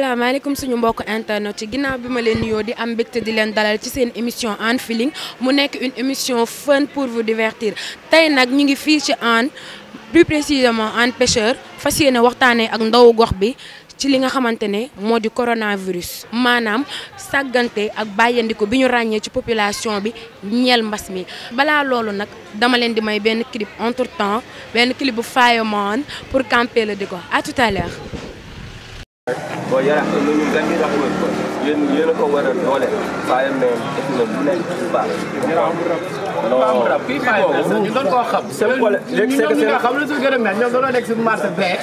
salaamaaleykum suñu mbokk internet ci ginaaw bima len leen di am mbégte di len dalal ci seen émission en Feeling mu nek une émission fun pour vous divertir tay nak ñu ngi fi ci en plus précisément en Pêcheur fas yéene ak ndaw gox bi ci li nga xamante ne di coronavirus manam saganté ak bàyyandiko bi ñu ci population bi ñeel mbass mi bala lolu nak dama len di may benn clip entre temps Ben clip bu Fireman pour camper le décor à tout à l'heure Voy a un cambio de la yéen yéen a ko war a doole saa yam ne def na lu nekk lu baax. non kii boobu ñu doon koo xam. seen problème léegi c' est que seen ñoom ñi nga xam lu si gën a mel ñoom dañoo nekk si marché bee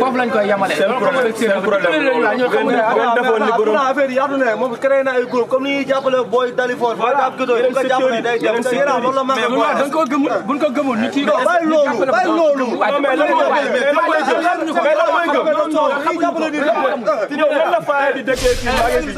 foofu lañ koy yemale. seen problème seen problème boobu ngeen defoon ni borom affaire yi àdduna moom créé na ay groupe comme ni ñuy jàppale booy Dalifor. voilà yéen sécurité day dem te yéen a loolu la mën a. mais dañ ko gëmul buñ ko gëmul ñu ciy. non bàyyi loolu bàyyi loolu. non mais lan mooy gëm mais lan mooy gëm. mais lan mooy gëm.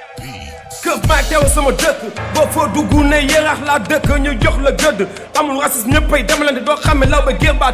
kër maag teew sama dëkk boo du dugg ne yéerax la dekk ñu jox la gëdd amul rasis ñëppay demalante do xamé law ba géer baa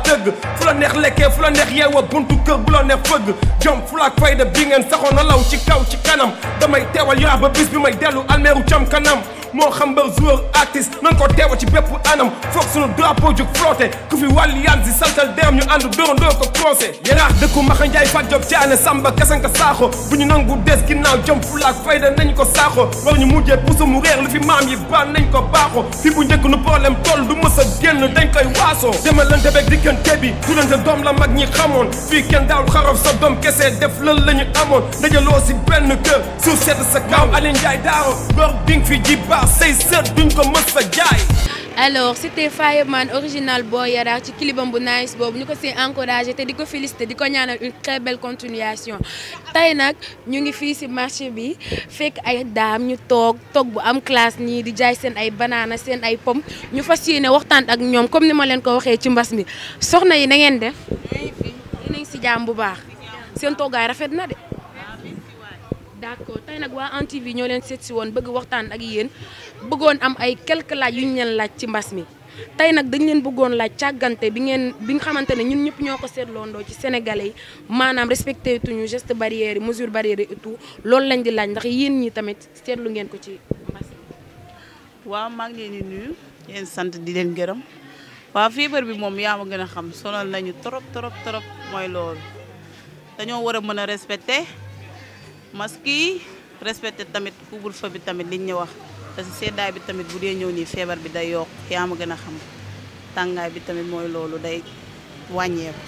fu la neex lekke fu la neex yeewa buntu kër bu la neex feug jom fay fayda bi ngeen saxona law ci kaw ci kanam damay teewal yaa ba bis bi may delu almeeru cham kanam moo xam ba joueur artiste nan ko teewa ci bépp anam foog sunu drapeau jug flotté ku fi wàllu si saltal deram ñu ànd dóorandoo ko croisé yaraax dëkku maxa njaay fat job caane samba kasanka saaxo bu ñu nangu des ginnaaw jom fulaak fayda nañ ko saaxo war ñu mujjee puso mu réer lu fi maam yi baan nañ ko baaxo fi bu njëkk nu problème toll du mës a génn dañ koy waasoo demalante beeg diggante bi dudante doom la mag ñi xamoon fii kenn daawul xarof sa doom kese def lël sa kaw Aline say sët duñ ko mës sa jaay. alors c'était Fireman original Boy Yaraax ci clipam bu nice boobu ñu ko see encouragé te di ko félicité di ko ñaanal une très belle continuation tey nag ñu ngi fii ci marché bi fekk ay daam ñu toog toog bu am classe nii di jaay seen ay banaana seen ay pomme ñu fas ne waxtaan ak ñoom comme ni ma leen ko waxee ci mbas mi soxna yi na ngeen def. dinañ si jàmm bu baax seen toogaay rafet na de. d'accord tey nag waa Hann TV ñoo leen seetsi woon bëgg waxtaan ak yéen bëggoon am ay quelques laaj yu ñu leen laaj ci mbas mi tey nag dañ leen bëggoon laaj càggante bi ngeen bi nga xamante ne ñun ñëpp ñoo ko seetloondoo ci sénégalais yi maanaam respecté tuñu geste barrière yi mesure barrière yi et tout loolu lañ di laaj ndax yéen ñi tamit seetlu ngeen ko ci mbas mi waaw maa ngi leen di nuyu yéen sant di leen gërëm waaw feebar bi moom yaa ma gën a xam solol nañu trop trop trop mooy loolu dañoo war a mën a respecté masque yi respecté tamit couvre fa bi tamit liñ ñu wax parce que seddaay bi tamit bu dee ñëw nii feebar bi day yokk yaa ma gën a xam tàngaay bi tamit mooy loolu day wàññeeku.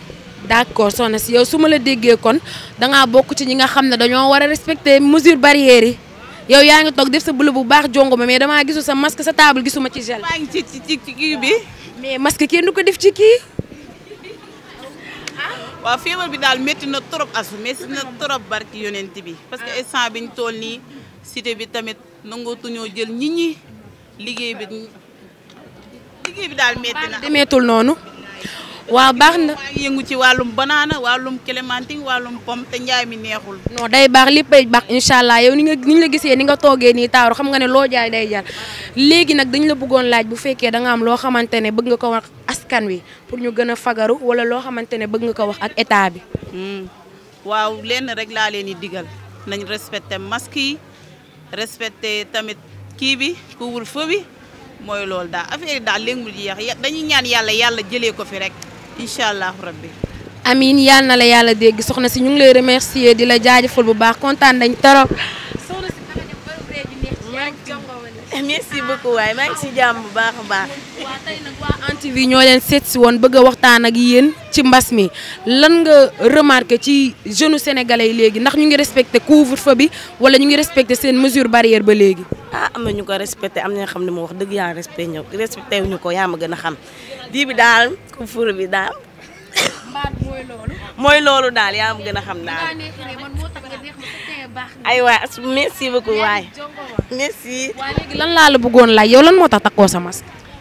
d'accord soxna si yow su ma la déggee kon dangaa bokk ci ñi nga xam ne dañoo war a respecté mesure barrière yi yow yaa ngi toog def sa bële bu baax jongo ma mais dama gisu sa masque sa table gisuma ci gel. maa ngi ci ci mais masque kenn du ko def ci kii. waaw feebar bi daal métti na trop asu métti na trop barki yonent bi parce que ah. instant biñ toll nii cité bi tamit nangootuñoo jël nit ñi liggéey bi liggéey bi daal métti na. demeetul noonu. waaw baax na maa ngi yëngu ci wàllum banaana wàllum clémentine wàllum pomme te njaay mi neexul non day baax léppay baax incha allah yow ni nga ni ñu la gisee ni nga toogee nii taaru xam nga ne loo jaay day jar léegi nag dañ la bëggoon laaj bu fekkee da nga am loo xamante ne bëgg nga ko wax askan wi pour ñu gën a fagaru wala loo xamante ne bëgg nga ko wax ak état bi hmm. waaw lenn rek laa leen di digal nañ respecté masque yi respecté tamit kii bi couvre-feu bi mooy loolu daal affaire yi daal léegi mu jeex dañuy ñaan yàlla yàlla jëlee ko fi rek incha allahu rabbi amiin yal na la yàlla dégg soxna si ñu ngi lay remercier di la jaajëfal bu baax kontaan nañ torop merci beaucoup waay maa ngi si jàmm bu baax a baax. waa tey ñoo leen seet si woon bëgg a waxtaan ak yéen ci mbas mi lan nga remarqué ci jeunes sénégalais yi léegi ndax ñu ngi respecté couvre-feu bi wala ñu ngi respecté seen mesure bariere ba léegi. ah am na ñu ko respecté am na xam ne moo wax dëgg yaa respecté ñu ko yaa ma gën a xam bii bi daal ku fure bi daal. mooy loolu. daal yaa ma gën a xam daal. ay waay merci beaucoup waay. merci. waaw léegi lan laa la bëggoon laaj yow lan moo tax takkoo sa masque.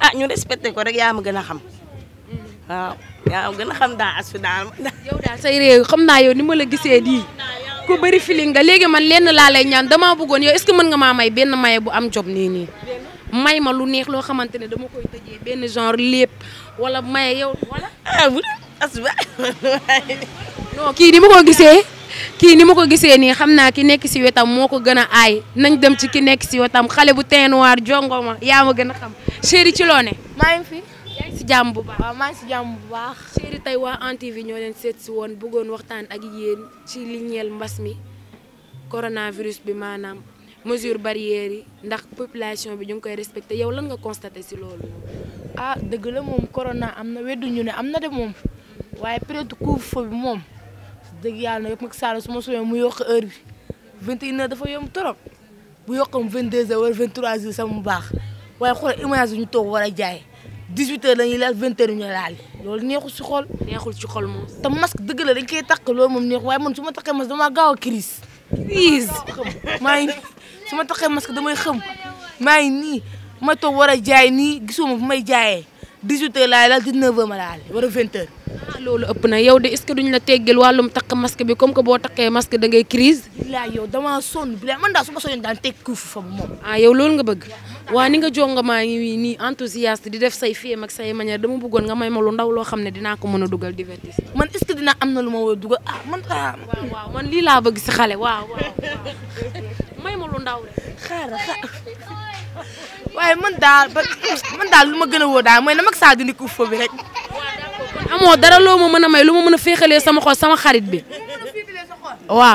a ah, ñu respecté ko rek yaa ma gën a xam waaw gën a xam daa as fi daal. yow daal say xam naa yow ni ma la gisee di ku bëri feeling nga léegi man lenn laa lay ñaan damaa bëggoon yow est-ce que mën nga maa may benn mai bu am job nii nii. may ma lu neex loo xamante ne dama koy tëjee benn genre lépp wala maye yow wala. ah bu a as non kii ni ma ko kii ni ma ko gisee nii xam naa ki nekk si wetam moo ko gën a aay nañ dem ci ki nekk si wetam xale bu teint noir jongo yaa ma gën a xam chéri ci loo maa ngi fi. si jàmm bu baax maa si jàmm bu baax. chéri tey waa Hann TV ñoo leen seet si woon bëggoon waxtaan ak yéen ci li mbas mi coronavirus bi maanaam mesure barrière yi ndax population bi ñu ngi koy respecté yow lan nga constaté si loolu. ah dëgg la moom corona am na weddu ñu ne am na de moom waaye période couvre-feu moom. dëgg yàlla nag Macky Sall su ma suyee mu yokk heure bi vingt et une heures dafa yomb trop bu yokkoon vingt deux heures wala vingt trois heures sax mu baax waaye xool image yi ñu toog war a jaay dix huit heures la laal vingt heures ñu laal loolu neexul ci xol. neexul ci xol moom. te masque dëgg la dañ koy takk moom neexul waaye man su ma takkee masque damaa gaaw a crise. crise maa ngi su ma takkee masque damay xëm maa ngi nii ma toog war a jaay nii gisuma fu may jaayee dix huit heures laay laal dix neuf heures ma laal wala vingt heures. lolu ëpp na yow de est-ce duñ la teggal walum tak masque bi comme ko bo takké masque da ngay crise la yow damaa sonn bilaay man da su ma soñoon daan teg kuufu fa mom ah yow lolu nga bëgg wa ni nga jonga ma ngi ni enthousiaste di def say fiem ak say manière dama bëggon nga may ma lu ndaw lo xamné dina ko mëna duggal divertis man est-ce dina amna am lu ma ah man wa ah. wa man li la bëgg ci xalé wa wa may ma lu ndaw xaaral man daal man dal man ma gën a woo daal mooy na dindi fa rek amo dara loo ma mën may lu mo meuna fexele sama xol sama xarit bi wa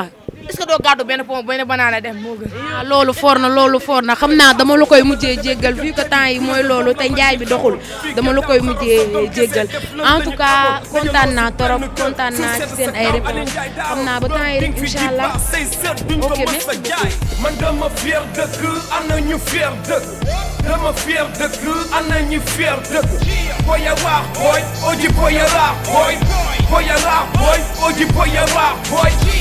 est-ce que doo gàddu benn pom benn banaana dem moo gën. Ah, loolu foor na loolu foor na xam naa dama la koy mujjee jéggal vu que temps yi mooy loolu te njaay bi doxul dama la koy mujjee jéggal en tout cas kontaan naa torop kontaan naa ci ay réponses xam naa ba temps yi rek incha allah ok merci man dama na ñu fier dëkk dama fier am na ñu oji booy ya raax oji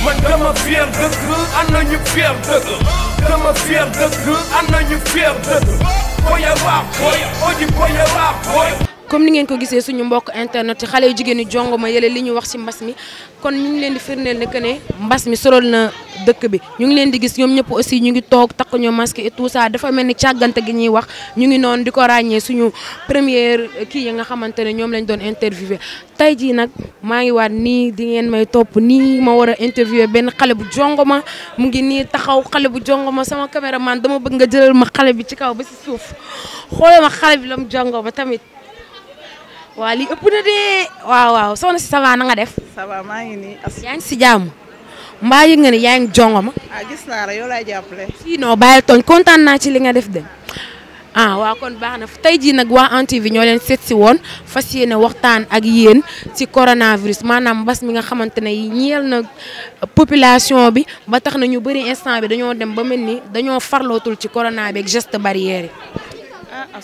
man dama fier dëkk ana ñu fier dëkk dama the dëkk I know you dëkk the baax boy oji boya baax boy comme ni ngeen ko gisee suñu mbokk internet yi xale yu jigéen ñi jongoma yële li ñu wax ci mbas mi kon ñu ngi leen di firndeel ne que ne mbas mi solol na dëkk bi ñu ngi leen di gis ñoom ñëpp aussi ñu ngi toog takk ñoo masque et tout dafa mel ni càggante gi ñuy wax ñu ngi noonu di ko ràññee suñu première kii yi nga xamante ne ñoom lañ doon interviewé tey jii nag maa ngi waat nii di ngeen may topp nii ma war a interviewé benn xale bu jongoma mu ngi nii taxaw xale bu jongoma sama caméraman dama bëgg nga jëlal ma xale bi ci kaw ba suuf xoolal ma tamit waa lii ëpp na de waaw waaw soxna si ça va na nga def. ça va maa ngi nii. yaa si jàmm. mbaa yëg nga ne yaa ngi jongo ma. ah gis naa la yow laay jàppale. si non bàyyil tooñ kontaan naa ci li nga def de. ah waaw kon baax na tey jii nag waa ANTV ñoo leen seet si woon fas yéene waxtaan ak yéen ci coronavirus maanaam mbas mi nga xamante ne ñeel na population bi ba tax na ñu bëri instant bi dañoo dem ba mel ni dañoo farlootul ci corona bi ak geste barrière yi. ah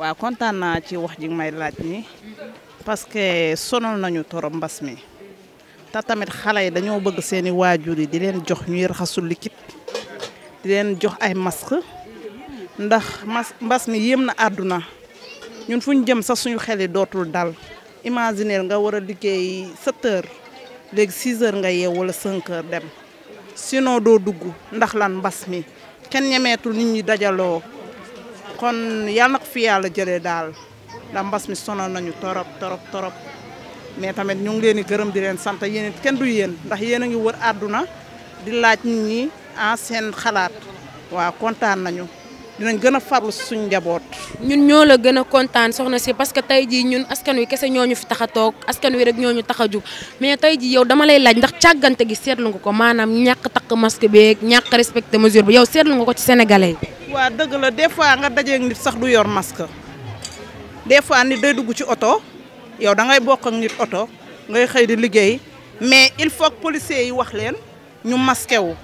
waaw kontaan naa ci wax ji may laaj nii parce que sonal nañu torop mbas mi te tamit xale yi dañoo bëgg seeni waajur yi di leen jox ñuy raxasul liquide di leen jox ay masque ndax mbas mi yéem na àdduna ñun fu ñu jëm sax suñu xel yi dootul dal imaginer nga war a liggéey 7 heures léegi 6 heures nga yeew wala 5 dem sinon doo dugg ndax lan mbas mi kenn ñemeetul nit ñi dajaloo. kon yàlla na ko fi yàlla jëlee daal ndax mbas mi sonal nañu torop torop torop mais tamit ñu ngi leen di gërëm di leen sant yéen kenn du yéen ndax yéen a ngi wër àdduna di laaj nit ñi ah seen xalaat waaw kontaan nañu dinañ gëna farlu suñu njaboot. ñun ñoo la gëna contane soxna ci parce que tay ji ñun askan wi kessé ñoñu fi tax a askan wi rek ñoñu ñu tax mais tay ji yow dama lay laaj ndax ciagante gi sétlu nga ko manam ñak tak masque beeg ñak respecté mesure bi yow sétlu nga ko ci sénégalais wa deug la des fois nga dajé nit sax du yor masque des fois nit day dugg ci auto yow da ngay bokk ak nit auto ngay xey di liggéey mais il faut que policiers yi wax leen ñu masqué wu.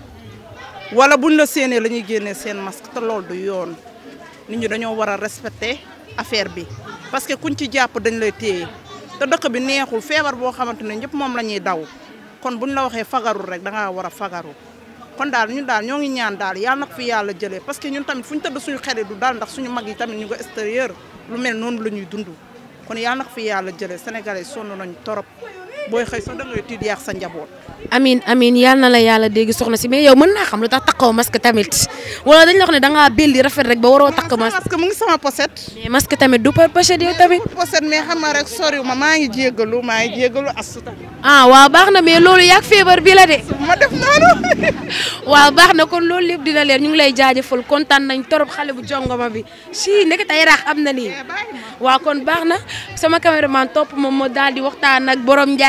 wala bu la séenee la ñuy génnee seen masque te loolu du yoon nit ñu dañoo war a respecter affaire bi parce que kuñ ci jàpp dañ lay téye te dëkk bi neexul feebar boo xamante ne ñëpp moom la ñuy daw kon buñ la waxee fagarul rek da ngaa war a fagaru kon daal ñu daal ñoo ngi ñaan daal yàlla na ko fi yàlla jële parce que ñun tamit fu ñu tëdd suñu xel du daal ndax suñu mag yi tamit ñu ko extérieur lu mel noonu la ñuy dund kon yàlla na ko fi yàlla jëlee sénégalais sonn nañ torop booy xëy sax da ngay tiit yaax sa njaboot. amiin na si mais yow mën naa xam lu tax tamit wala dañ la wax ne da ngaa belli rafet rek ba tamit du par pochette tamit. pochette mais rek soriw ma maa ngi jégalu maa ngi jégalu ah, baax na mais loolu yàgg feebar bi de. ma def na kon loolu lépp dina leer ñu ngi lay jaajëfal kontaan nañ torop xale bu jongoma bi si nekk tey raax am na nii. Eh, waaw kon baax na sama caméraman topp moom moo daal di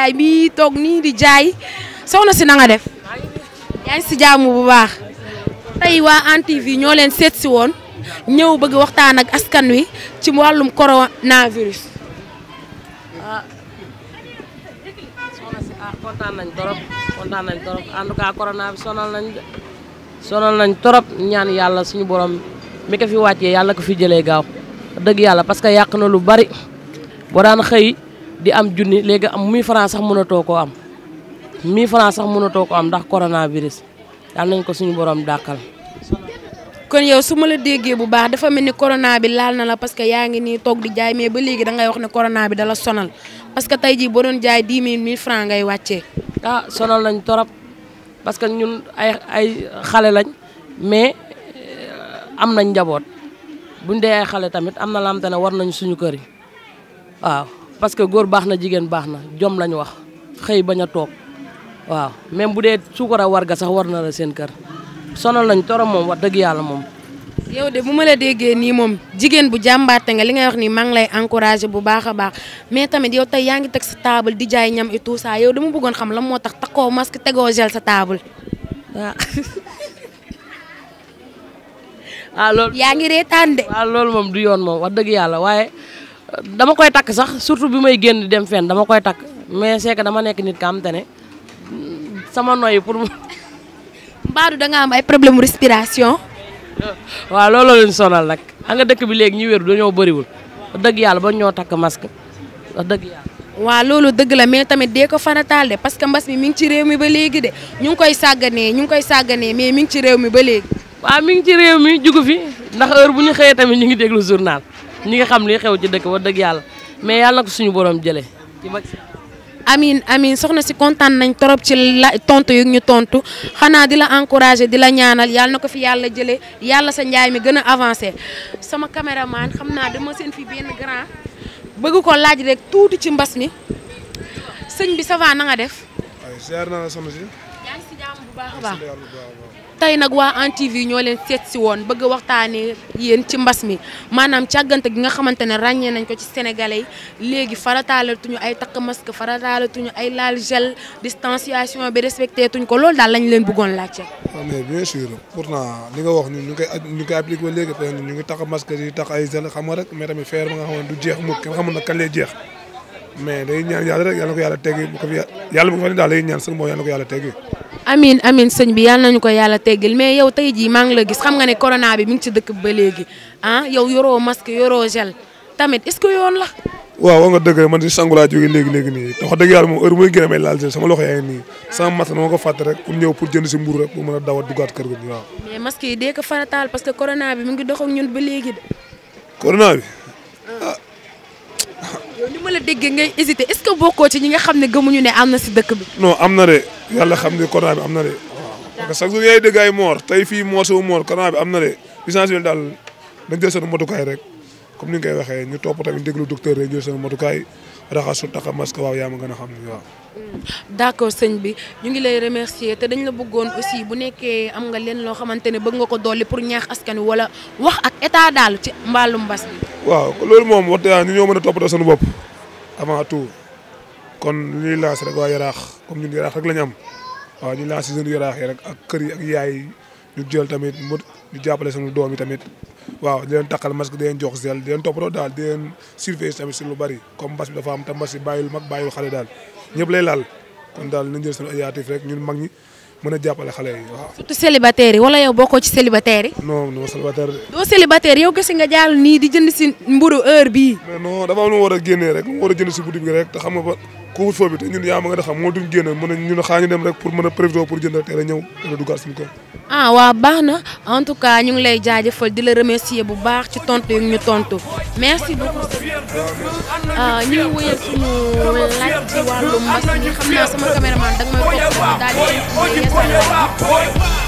Njaay mi tok ni di jaay soxna si na nga def yaa ngi si jaamu bu baax tay wa Hann TV ñoo leen seet si woon bëgg waxtaan ak askan wi ci walum coronavirus. ah soxna si ah, torop kontaan nañ torop corona bi sonal nañ torop ñaan yàlla suñu borom mi ko fi wàccee yàlla ko fi jëlee gaaw dëgg yàlla parce que yàq na lu bari boo daan xëy di am jooni legi am mi francs sax mëna to ko am mi francs sax mëna to ko am ndax coronavirus yàlla nañ ko suñu borom dakal kon yow suma la déggé bu baax dafa melni corona bi laal na la parce que yaa ngi nii toog di jaay mais ba léegi da ngay wax ni corona bi da la sonal parce que tay ji bo doon jaay 10000 1000 francs ngay wàccee. ah sonal nañ torop parce que ñun ay ay xalé lañ mais euh, am nañ njabot buñ dé ay xalé tamit amna lam tane war nañ suñu kër yi waaw parce que gur baxna jigen baxna jom lañ wax xey baña tok waaw même boudé dee warga sax warna la sen kër sonal nañ toro mom wax deug yalla mom, yow de buma la déggé ni mom jigen bu jambaté nga li nga wax ni mang lay encourager bu baax a baax mais tamit yow tay yaangi tek sa table di jaay ñam et tout ça yow dama bëggon xam lan moo tax masque tegoo gel sa table ah, ah loolu yaa ngi reetaan de. Ah, mom du yoon dama koy tak sax surtout bi may genn dem fen dama koy tak mais c'est que dama nek nit ka am sama noy pour Mbaadu da nga am ay problème respiration. wa lolo leen sonal nak nga dekk bi leg ñi wër dañu bari wul deug yalla ba ñoo tak masque wax deug la mais tamit de ko fanatal de parce que mbass mi mi ngi ci rew mi ba léegi de ñu ngi koy sagane ñu ngi koy sagane mais mi ngi ci rew mi ba léegi. wa mi ngi ci rew mi jugu fi ndax heure bu ñu tamit ñu ngi déglu journal. ñi nga xam li xew ci dëkk wax dëgg yàlla mais yàlla na ko suñu borom jëlee. amin amin soxna si kontaan nañ trop ci la tontu yu ñu tontu xanaa di la encouragé di la ñaanal yàlla na ko fi yàlla jëlee yàlla sa njaay mi gën a avancé sama caméraman xam naa dama seen fi benn grand bëgg ko laaj rek tuuti ci mbas mi sëñ bi ça va def. naa la tey nag waa Hann TV ñoo leen seet si woon bëgg waxtaanee yéen ci mbas mi maanaam càggante gi nga xamante ne ràññee nañ ko ci sénégalais yi léegi farataalatuñu ay takk masque ay laal gel distanciation bi respecté tuñ ko loolu daal lañ leen bëggoon laajte. waaw mais bien sûr pourtant li nga wax ñun ñu ngi koy ñu ngi koy appliqué ba léegi ngi takk masque yi takk ay gel xam nga nga xam du jeex mukk kenn xamul nag kan lay jeex. mais day ñaan yàlla rek yàlla na ko yàlla teggi bu ko fi yàlla bu ko fa ne daal na ko yàlla teggi amin amin sëñ bi yàlla nañu ko yàlla teggil mais yow tey jii maa ngi la gis xam nga ne corona bi ngi ci dëkk ba léegi ah yow tamit est-ce que yoon la waaw wa nga dëgg man si sangu laa jógee léegi léegi wax dëgg yàlla moom heure mooy gën a may sama loxo yaa ngi sama masque dama ko fàtte rek pour ñëw pour jënd si mburu rek pour mën a dawat duggaat parce que corona bi mu ngi dox ak de yow ni ma la déggee ngay hésité est-ce que bokkoo ci ñi nga xam ne gëmuñu ne am na si dëkk bi. non am na de yàlla xam ne corona am na de. parce que chaque jour yaay dégg fii moor sama moor corona bi am na de daal dañ jël seen motukaay rek comme ni nga koy ñu topp tamit déglu docteur rek jël seen motukaay raxasu taxa masque waaw yaa ma gën a xam ne waaw. Hmm. d'accord sëñ bi ñu ngi lay remercier te dañ la bëggoon aussi bu nekkee am nga leen loo xamante ne bëgg nga ko dolli pour ñaax ka wi wala wax ak état daal ci mbaalum mbas bi. waaw loolu moom wax dëgg yàlla ñoo mën a toppatoo suñu bopp avant tout kon li ñuy lancé rek waa yaraax comme ñun yaraax rek ñu am waaw ñu lancé suñu yaraax yi rek ak kër yi ak yaay yi ñu jël tamit mu ñu jàppale suñu doom yi tamit waaw di leen takkal masque di leen jox gel di leen toppatoo daal di leen tamit si lu bari comme mbas bi dafa am te mbas yi bàyyul mag bàyyul xale daal ñëpp lay laal kon daal nañ jël suñu initiative rek ñun mag ñi mën a jàppale xale yi waaw. surtout célibataire yi wala yow bokkoo ci célibataire yi. non non célibataire de. doo célibataire yow nga jàll nii di jënd si mburu heure bi mais non dafa am lu mu war a génnee rek mu war a jënd si boutique bi rek te xam nga ba couvre-feu bi te ñun yaa ma nga xam moo duñ génn mën a ñun xaa ñu dem rek pour mën a prévision pour jënd teel a ñëw teel a duggaat suñu ah waaw baax na en tout cas ñu ngi lay jaajëfal di la remercier bu baax ci tontu yi ñu tontu merci beaucoup. ñu ngi wéyal suñu laaj ci wàllu mbas mi xam naa sama caméraman danga may toog daal di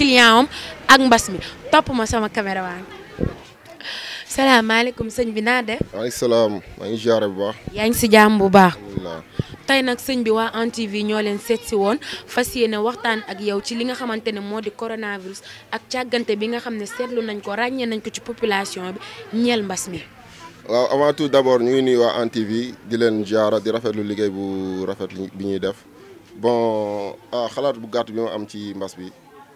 client am ak mbas mi topp ma sama caméra waa salaamaaleykum sëñ bi naa def. waaleykum salaam maa bu baax. yaa ngi si jàmm bu baax. tey nag sëñ bi waa Hann TV ñoo leen seet si woon fas yéene waxtaan ak yow ci li nga xamante ne moo di coronavirus ak càggante bi nga xam ne seetlu nañ ko ràññee nañ ko ci population bi ñeel mbas mi. waaw avant tout d' abord ñu ngi nuyu waa Hann TV di leen ziare di rafetlu liggéey bu rafet bi ñuy def bon ah, xalaat bu gàtt bi ma am ci mbas bi.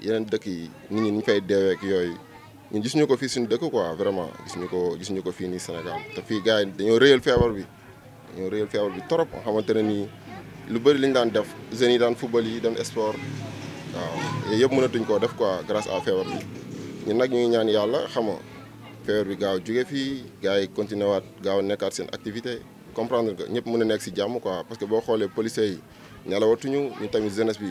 yeneen dëkk yi nit ngi ñu fay deewee ak yooyu ñun gisuñu ko fii suñu dëkk quoi vraiment gisuñu ko gisuñu ko fii nii Sénégal te fii gars yi dañoo réyal feebar bi dañoo réyal feebar bi trop nga xamante ne nii lu bëri li ñu daan def jeunes yi daan football yi dem sport waaw yooyu yëpp mënatuñ koo def quoi grâce à feebar bi ñun nag ñu ngi ñaan yàlla xam nga feebar bi gaaw jóge fii gars yi continué waat gaaw nekkaat seen activité comprendre que ñëpp mën a nekk si jàmm quoi parce que boo xoolee policiers yi ñalawatuñu ñu tamit jeunesse bi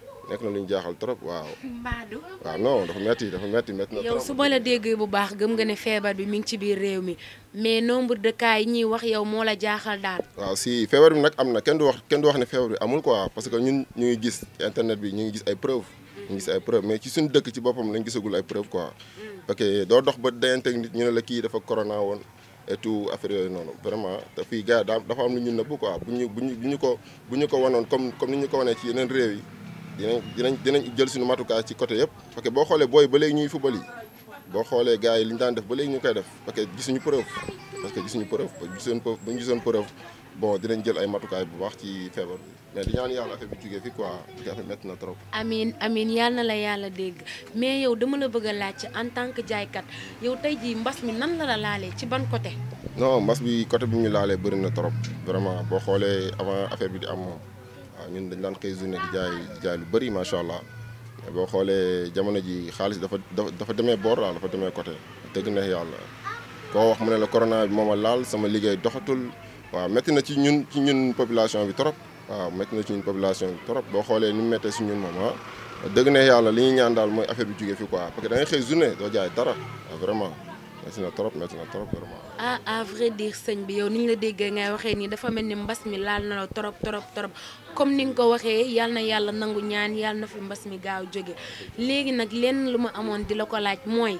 nekk na lu ñu jaaxal trop waaw. mbaadu waaw non dafa metti dafa metti metti na. yow su ma la déggee bu baax gëm nga ni feebar bi mi ngi ci biir réew mi mais nombre de cas yi wax yow moo la jaaxal daal. waaw si nag am na kenn wax kenn wax ne feebar bi amul quoi parce que ñun ñu gis internet bi ñu ngi gis ay preuve ñu ngi gis ay preuve mais suñu dëkk ci boppam lañ gisagul ay preuve quoi. Mm. ok doo dox ba dayanteeg ñu ne la kii dafa corona woon. et tout affaire yooyu noonu vraiment te fii gars dafa am lu ñu bu ñu bu ñu ñu ko bu ñu wanoon comme comme ni ñu ko wanee ci yeneen réew yi. dinañ dinañ dinañ jël suñu matukaay ci côté yëpp parce que boo xoolee booy ba léegi ñuy football yi boo xoolee gars yi li ñu daan def ba léegi ñu koy def parce que gisuñu preuve parce que gisuñu preuve gisuñu preuve bu ñu gisoon preuve bon jël ay matukaay bu baax ci feebar bi mais di ñaan yàlla affaire bi jugee fi quoi parce na trop. amiin amiin na la yàlla mais yow dama la bëgg a laaj en tant que jaaykat yow mbas mi nan la ci ban côté. non bi côté bi ñu laalee bëri na trop vraiment boo xoolee avant affaire bi di am moom. waaw ñun dañ daan xëy journée di jaay jaay lu bëri macha allah boo xoolee jamono ji xaalis dafa dafa demee boor daal dafa demee côté dëgg na yàlla koo wax mu ne la corona bi moom a laal sama liggéey doxatul waaw metti na ci ñun ci ñun population bi trop waaw métti na ci ñun population bi trop boo xoolee ni mu si ñun moom ah dëgg na yàlla li ñu ñaan daal mooy affaire bi jógee fi quoi parce que da ngay xëy journée doo jaay dara vraiment métti trop métti na trop ah à vrai dire sëñ bi yow ni ñu la déggee ngay waxee nii dafa mel ni mbas mi laal na la trop trop trop comme ni nga ko waxee yal na yàlla nangu ñaan yal na fi mbas mi gaaw jóge léegi nag lenn lu ma amoon di la ko laaj mooy.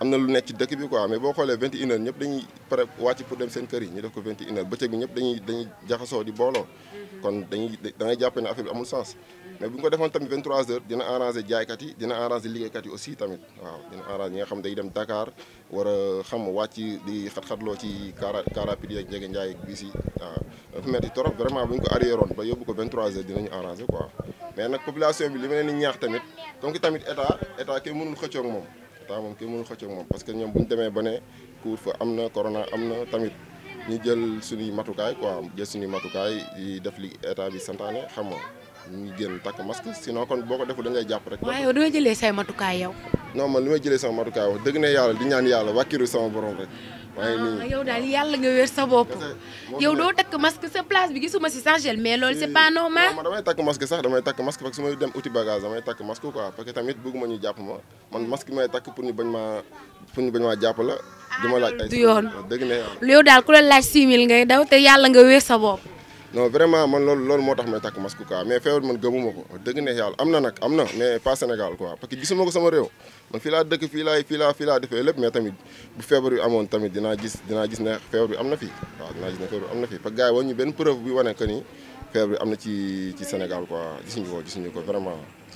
amna lu nekk ci dëkk bi quoi mais boo xoolee 21 pour heures ñëpp dañuy pare wàcc pour dem seen kër yi ñu def ko 21 bi ñëpp dañuy dañuy jaxasoo di booloo mhm. kon dañuy da ngay jàpp affaire bi amul sens mais bu ko defoon tamit 23 dina arranger jaaykat yi dina liggéeykat yi aussi tamit waaw dina ñi nga xam day dem Dakar war a xam wàcc di xat-xatloo ci yeeg njege njaay metti trop vraiment bu ko ba yóbbu ko 23 heures dinañu quoi mais nag population bi li ma leen tamit comme tamit état état mënul état moom kenn mënul xëcc ak moom parce que ñoom bu ñu demee ba ne couvre-feu am na corona am na tamit ñu jël suñuy matukaay quoi jël suñuy matukaay yi def li état bi santaane xam nga ñu génn takk masque sinon kon boo ko deful da ngay jàpp rek. waaye yow da nga jëlee say matukaay yow. non man li may jëlee sama matukaay wax dëgg ne yàlla di ñaan yàlla wàkkiru sama borom rek. yaudah daal yàlla nga yaudah sa bopp yow doo takk masque sa place bi gisuma si sans gel mais loolu c'est eh, pas normal ma damay takk masque sax damay takk masque parce que su may dem uti bagage damay takk masque quoi parce que tamit bëgguma ñu jàpp ma man hmm. masque may takk pour ñu non vraiment man loolu loolu moo tax may takk masque quoi mais feebar man gëmuma ko dëgg ne yàlla am na nag am na mais pas Sénégal quoi parce gisuma ko sama réew man fii laa dëkk fii laay fii laa fii laa defee lépp mais tamit bu feebar bi amoon tamit dina gis dina gis ne feebar bi am na fii waaw dinaa gis ne feebar bi am na fii parce que gars yi wañu benn preuve bi wane que ni feebar bi am na ci ci Sénégal quoi gisuñu ko gisuñu ko vraiment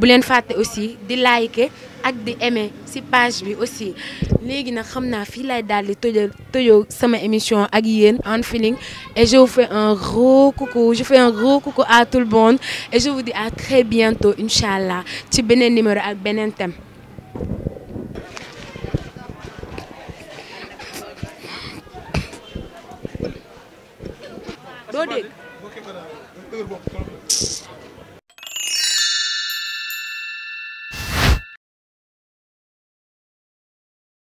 bu faté aussi di liker ak di aimer ci page bi aussi légui nag xamna fi lay dal di tëjoo tëjoo sama émission ak yéen en feeling et je vous fais un gros coucou je fais un gros coucou à tout le monde et je vous dis à très bientôt incha ci benen numéro ak benen thème. doo dégg.